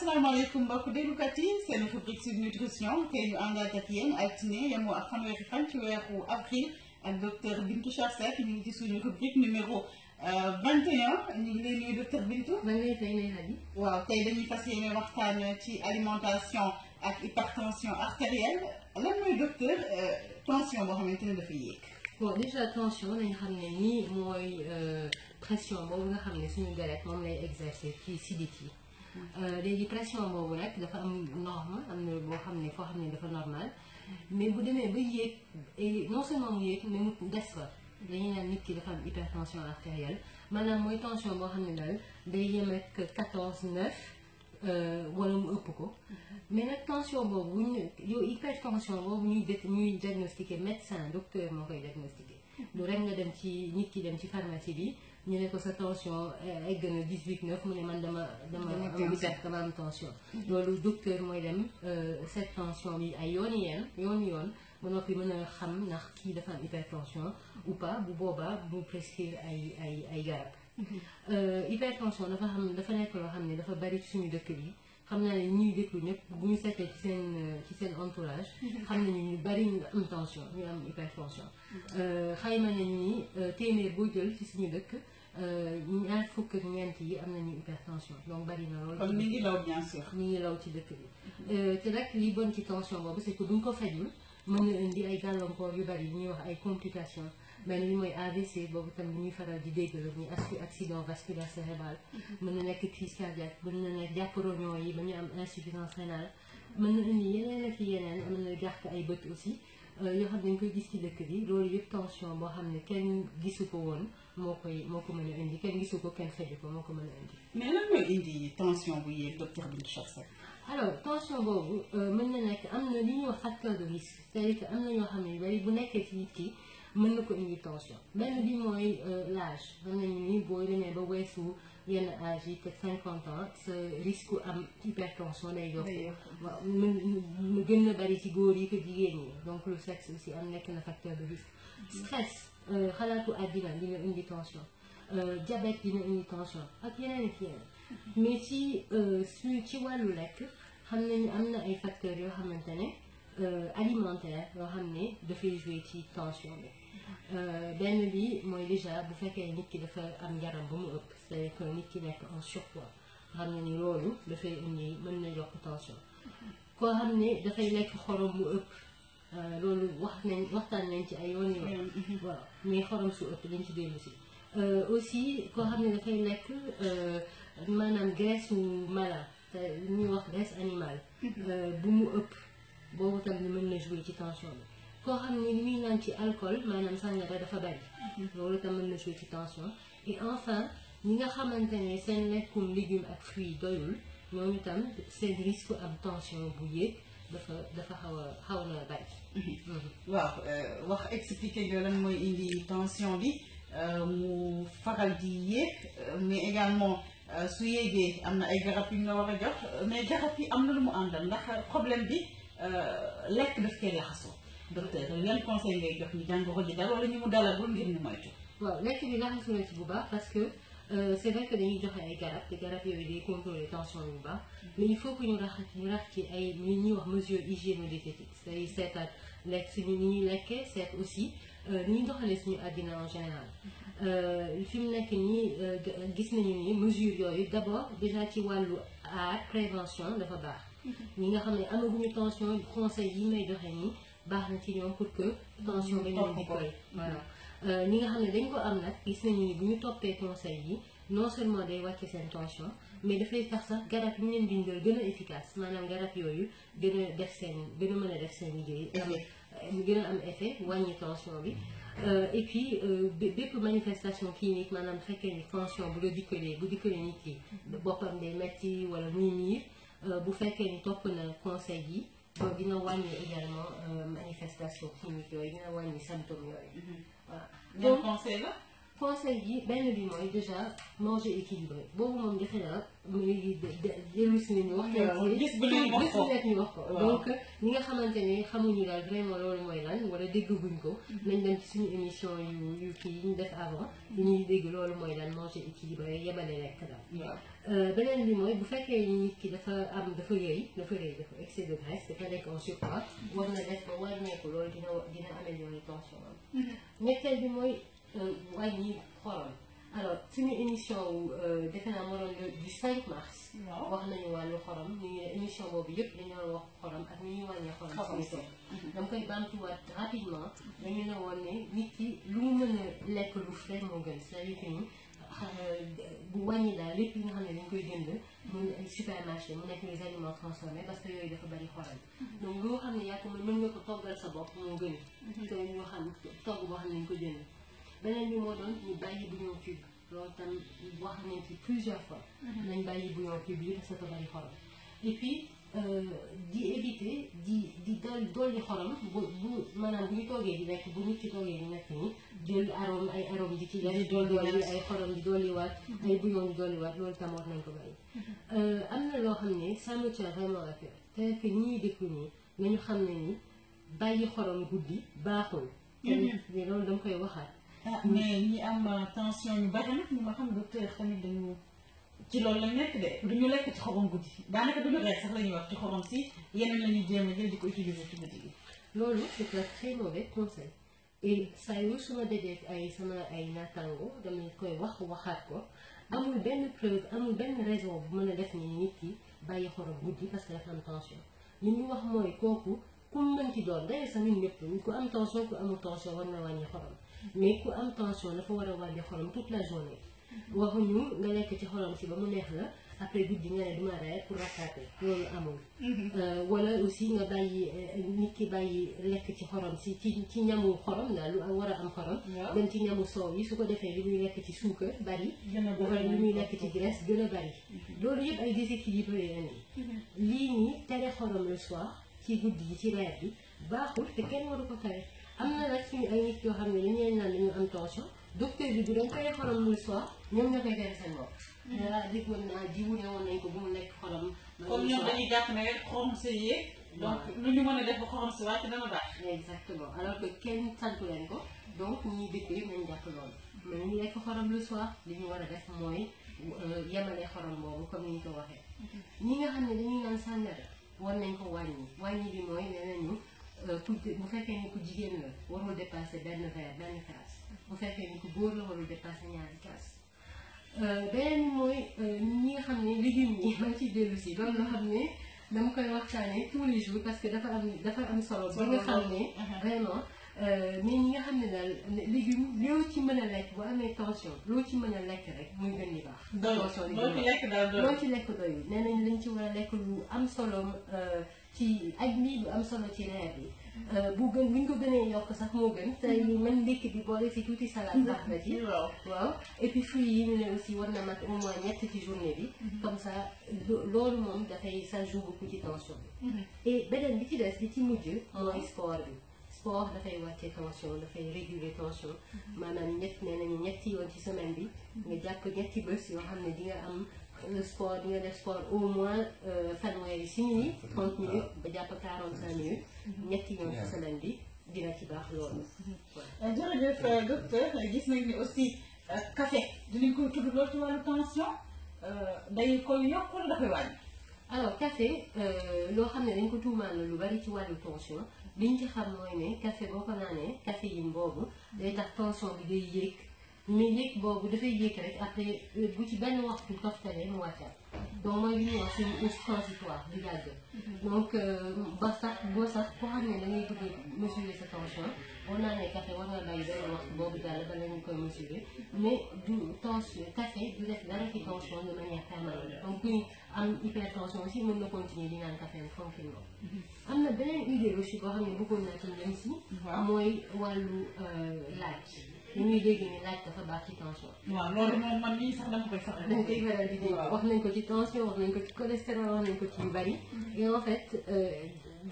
asalaamaaleykum mbokk déglukat yi seen rubrique sur nutrition tey ñu àndaat ak yéen altine yemoo ak fanweeri fan i weeru avril ak docteur Bintou Charr Seck ñu ngi ci numéro 21 euh, ñu ngi lay nuyu docteur Bintou. ba ngay fay nay Hadi. waaw tey dañuy fas yéene waxtaan ci alimentation ak hypertension artérielle lan mooy docteur euh, tension boo xamante ne dafay yéeg. bon déjà tension nañu xam ne nii mooy euh, pression boobu nga xam ne suñu deret moom lay exercer ci sidit yi. Euh, léegi pression boobu nag dafa am norme am na boo xam ne foo xam ne dafa normal mais bu demee ba yéeg non seulement mu yéeg mais mu des fa dañuy naan nit ki dafa am hypertension artérielle maanaam mooy tension boo xam ne daal day yem ak 14 9 euh, wala mu ëpp ko mais nag tension boobu bu ñu yow hypertension boobu ñuy dé ñuy diagnostiqué médecin docteur moo koy diagnostiqué. du rek nga dem ci nit ki dem ci pharmacie bi. ñu ne ko sa tension eh, gën a dix huit neuf mu ne man dama dama am huit dama am tension loolu docteur mooy dem euh, cette tension bi ay yooni yeen yooni yoon ba noppi mën a xam ndax kii dafa am hypertension ou pas bu boobaa bu prescrire ay ay ay garab mm-hmm. euh, hypertension dafa xam ne dafa nekk loo xam ne dafa bari ci suñu dëkk bi xam naa ne ñuy déglu ñëpp bu ñu seetee ci seen euh, ci seen entourage mm-hmm. xam nañu ñu bari ñu am tension ñu am hypertension mm-hmm. xayma nañu ni téeméer boo jël ci suñu dëkk ñaar fukk ak ñeent yi am nañu hypertension donc bari na lool. kon mi ngi law bien sûr. mi ngi law ci dëkk bi. Mhm. Euh, te nag li bon ci tension boobu c'est que duñ ko fajul mën na indi ay gàllankoor yu bari yi ñuy wax ay complications. benn bi mooy AVC boobu tam li ñuy faral di dégg la muy accident vasculaire cérébral mhm. mën na nekk crise cardiaque mën na nekk jàpporo ñoo yi ba ñu am insuffisance rénale mën na indi yeneen ak yeneen mën na gàtt ay bët aussi euh, yoo xam ne ñu koy gis ci dëkk bi loolu yëpp tension boo xam ne kenn gisu ko woon moo koy moo ko mën a indi kenn gisu ko kenn xëju ko moo ko mën a indi. mais lan mooy indi tension bu yéeg docteur Bintou Cheikh Seck. alors tension boobu euh, mën na nekk am na li ñuy facteur de risque cest à ne bari bu na ko indi tension benn bi mooy euh, l'âge xam nañu ni boo demee ba yenn âge yi te cinquante ans sa risque am hypertension day yokk waaw mu gën na bari ci góor yi que jigéen ñi donc le sexe aussi am nekk na facteur de risque mm-hmm. stress xalaatu euh, àddina dina indi tension euh, diabète dina indi tension ak yeneen ak yeneen mais ci euh, suñu ci wàllu lekk xam nañu am na ay facteurs yoo xamante ne alimentaire yoo xam ne dafay jouer ci tension bi benn bi mooy déjà bu fekkee nit ki dafa am yaram bu mu ëpp c'est que nit ki nekk en surpoids xam ne ni loolu dafay indi mën na yokk tension koo xam ne dafay lekk xorom bu ëpp Euh, loolu wax nañ waxtaan nañ ci ay yoon yoon mm-hmm. mm-hmm. waaw mais xorom su ëpp dañ ci dellu si euh, aussi koo xam ne dafay lekk euh, maanaam graisse wu mala te ñuy wax graisse animale mm-hmm. bu mu ëpp boobu tamit mën na jouer ci tension bi koo xam ne li muy naan ci alcool maanaam sàngara dafa bari loolu tam mën na jouer ci tension et enfin ñi nga xamante ne seen lekkum légumes ak fruits doyul ñooñu tam seen risque am tension bu yéeg dafa dafa xaw a xaw na bari. Mhm. waaw euh, wax expliquer nga lan mooy indi tension bi euh, mu faral di yéeg euh, mais également su yéegee am na ay garab yu ñu la war a jox mais garab yi am na lu mu àndal ndax problème bi lekk daf koy laxasoo docteur yan conseil ngay jox ñu jàngoro ji dal wala ñu mu dalagul ngir ñu moytu. waaw lekk bi laxas moytu bu baax parce que. Euh, c'est vrai que dañuy joxe ay garab te garab yooyu day contrôler tension bu baax mais il faut que ñu rax ñu rax ci ay ñu ñuy wax mesure hygiéno-diététique c'est si lekk suñu ni ñuy lekkee seet aussi euh, ni ñuy doxalee suñu àddina en général euh, fi mu nekk nii gis nañu ni mesure yooyu d'abord déjà ci wàllu aar prévention dafa baax mhm. ñi nga xam ne amaguñu tension conseil yi may joxe nii baax na ci ñoom pour que mm-hmm. tension bañ leen di koy voilà euh, ñi nga xam ne dañ ko am nag gis nañu ni bu ñu toppee conseil yi non seulement day wàcce seen tension mm-hmm. mais dafay tax sax garab yi ñu leen dindal gën a efficace maanaam garab yooyu gën a def seen gën a mën a def seen liggéey mm-hmm. am euh, gën a am effet wàññi tension bi euh, et puis bépp manifestation clinique maanaam fekkee ni tension bu la dikkalee bu dikkalee nit ki boppam day metti wala muy miir bu fekkee ni topp na conseil yi dina wàññi également euh, manifestation clinique yooyu dina wàññi symptômes yooyu. Mhm. waaw donc la. conseil yi benn bi mooy déjà manger équilibré boobu moom defe naa muy dellu si ni wax gis bu leen wax ko ñu wax ko donc ñi nga xamante ne xamuñu daal vraiment loolu mooy lan wala dégguñ ko mm-hmm. nañ dem ci suñu émission yu yu kii yi ñu def avant yi ñuy dégg loolu mooy lan manger équilibré yebale lekk daal euh, beneen bi mooy bu fekkee nit ki dafa am dafa rëy dafa rëy dafa excès de graisse dafa nekk en surpoids war na def ba war nekk loolu dina dina améliorer tension am mm-hmm. Euh, waaye ñi xoolal alors suñu émission euh, defe naa moo doon le du 5 mars. waaw wax nañu wàllu xorom ni émission boobu yëpp dañoo wax xorom ak ni ñu wàññee xorom. xorom mhm. dama koy bantuwaat rapidement. dañu ne woon ne nit ki lu mu lekk lu frais moo gën c'est-à-dire que ni xam ne dañ koy jënd. mu ay supermarché mu nekk les aliments transformés parce que yooyu dafa bari xorom. Mhm. donc loo xam ne yaa ko mën nga ko toggal sa bopp moo gën. Mhm. te togg boo xam ne dañ ko jënd. beneen bi moo doon ñu bàyyi bouillon cube loolu tam wax nañ ci plusieurs fois. Mhm. nañ bàyyi bouillon cube yi parce que bari xorom et euh, di éviter di di dal dolli xorom bu bu maanaam bu ñu toogee di lekk bu nit ci toogee di lekk nii jël arôme ay arôme di dolli ay mhm. loolu tam war nañ ko bàyyi mhm. euh, am na loo xam ne ça me tient vraiment à cœur te que ñi ñuy déglu nii nañu xam ne ni bàyyi xorom guddi baaxul loolu dama koy waxaat ah mais ñi am euh, tension ñu bari nag ñu ma xam docteur tamit dañu ci lool lañ nekk de du ñu lekk ci xorom guddi daanaka du ñu lekk sax la wax ci xorom si yeneen la ñuy jéem a jël di ko utiliser ci gi. loolu c'est un très mauvais conseil et saa yu suma dajee ay sama ay naataango damay koy wax waxaat ko amul benn preuve amul benn raison bu mën a def ni nit ki bàyyi xorom guddi parce que dafa am tension li ñu wax mooy kooku ku mu mën ci doon dayoo sax ñun ñëpp ñu ko am tension ku amul tension war na wàññi xorom. mais ku am tension dafa war a wàññi xorom toute la journée. waxuñu nga lekk ci xorom si ba mu neex la après guddi nga ne duma reer pour rattraper loolu amul. Euh, wala aussi nga bàyyi euh, nit ki bàyyi lekk si ci ci ñamu xorom daal lu war a am xorom. dem ci ñamu soow yi su ko defee li muy lekk ci suukar bari. wala li muy lekk ci graisse gën a bari. Mhm. loolu yëpp ay déséquilibre la mhm. lii nii tere xorom le soir ci guddi gi ci reer bi baaxul te kenn waru ko tere. am na nag suñu ay nit yoo xam ne dañ leen naan dañu am tension docteur bi bu dañ koy xorom muy soir ñoom ñoo koy tere seen bopp. ah dégg naa jiwu ne woon nañ ko bu mu nekk xorom. comme ñoom dañuy jàpp ne rek xorom sa yéeg. donc lu ñu mën a def ba xorom si wàcc dana ko donc ñuy dëkk yëpp nañ jàpp loolu. lu soir li ñu war a def mooy yemale xorom boobu comme ni ñu ko waxee. ñi nga xam ne dañuy naan sàngara war nañ ko wàññi wàññi bi mooy nee nañu. ku euh, bu fekkee ni ku jigéen la warul dépassé benn verre benn kaas bu fekkee ni ku góor la warul dépassé ñaari kaas. Euh, beneen mooy euh, ñi nga xam ne légumes yi maa ciy dellu si loolu nga xam ne dama koy waxtaanee tous les jours parce que dafa am dafa am solo. ba nga xam ne nga xam ne daal ci mën a lekk bu amee tension loo ci mën a lekk rek muy gën di baax. tension loo ci lekk daal doyul loo ci lekk doyul nee nañ ci war a lekk lu am solo euh, ci ak lii lu am solo ci nawet bi. Euh, bu gën buñ ko gënee yokk sax moo gën te man mhm. ndékki bi boole si tuuti salade mhm. baax na ci waaw et puis fruits yi ñu ne aussi war na mat au moins ñett ci journée bi mhm. comme ça loolu moom dafay sa joue ci tension bi et beneen bi ci des bi ci mujj mooy sport bi sport dafay wàccee tension dafay réguler tension mhm. maanaam ñett nee nañu ñetti yoon ci semaine bi mhm. nga jàpp ñetti bés yoo xam ne di nga am euh, sport di nga def sport au moins euh, fanweeri si trente minutes ba jàpp quarante cinq minutes mhm. ñetti yoon ci semaine bi dina ci baax loolu euh, jërëjëf docteur gis nañ ni aussi café dinañ koy tudd lool ci wàllu tension day koy yokk wala dafay wàññi alors café loo xam ne dañ ko tuumaal lu bari ci wàllu tension liñ ci xam mooy ne café boo ko naanee caféine boobu day tax tension bi day yéeg mais yéeg boobu dafay yéeg rek après euh, bu ci benn waxtu toftalee mu wàccal donc mooy li ñuy wax c'est une transitoire du yàgg mhm. donc euh, ba sax boo sax ko xam ne da ngay bëgg sa tension boo naanee café war nga bàyyi benn waxtu boobu jàll bala ñu koy mesurer mais du tension café du def dara ci tension de manière permanente donc kuy am mhm. na beneen idée aussi boo xam ne bëggoon naa ci ñoom si mooy wàllu euh, laaj ñu ñuy dégg ñu laaj dafa baax ci tension. waaw loolu moom man mii sax dama koy sax. dañ koy faral di wax nañ ko ci tension wax ko ci cholestérol ko ci yu bari. et en fait euh,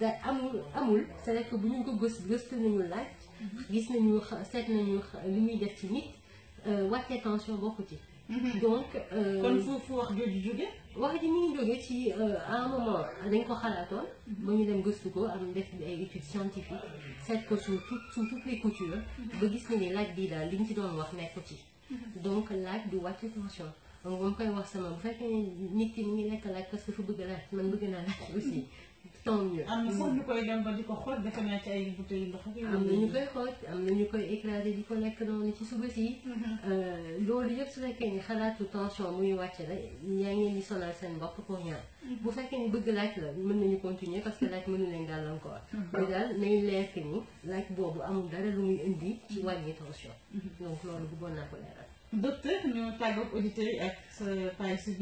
da amul amul cest bu ñu ko gës gëstu nañu laaj. Mhm. gis nañu seet nañu li ñuy def ci nit euh, wàccee tension bokku ci. Mhm. donc euh, kon foofu wax jooju jóge wax ji mu ngi jóge ci euh, à un moment dañ ko xalaatoon mhm. ba ñu dem gëstu ko am def ay études scientifiques seet ko sous tout sous toutes les coutures mhm. ba gis ni ne laaj bii daal liñ ci doon wax nekk ci donc laaj du wàcc tension moom koy wax sama bu fekkee nit ki mu ngi lekk laaj parce que fu bëgg laaj man bëgg naa laaj aussi ton ñu. am na ñu mm. koy dem ko xool defe naa ci ay bouteilles ndox mi. am na ñu koy xool am ñu koy éclater di ko lekk noonu ci suba si. Mm-hmm. Euh, loolu yëpp su fekkee ni xalaatu tension muy wàcc la yaa ngeen di sonal seen bopp pour ñaan. Mm-hmm. bu fekkee ni bëgg laaj la mën nañu continuer parce que laaj mënu leen gàllankoor. Mm-hmm. mais daal nañ leer ni laaj boobu amul dara lu muy indi ci wàññi tension. donc loolu bëggoon naa ko leeral. docteur ñu tàggoog auditeurs yi ak sa euh, page Sud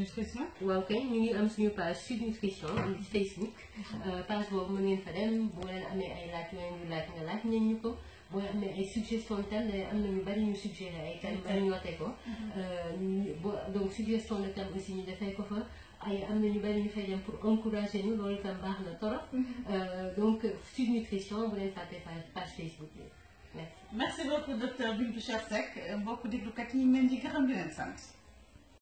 waaw kay ñu ngi am suñu page Sud Nutrition di Facebook. Mhm. Euh, page boobu mën ay laaj yoo leen di laaj ñu ko boo leen amee ay suggestion thème am na ñu bari ñu suggéré ay thèmes bari ñoote ko. Mhm. Euh, donc suggestion de thème aussi ñu defee ko fa. ay am na ñu bari ñu fay dem pour encourager ñu loolu itam baax na torop mhm. donc Sud Nutrition bu leen fàtte page Facebook merci beaucoup docteur Bintou Cheikh Seck mbokk déglukat yi ñu ngi leen di gërëm di leen sant.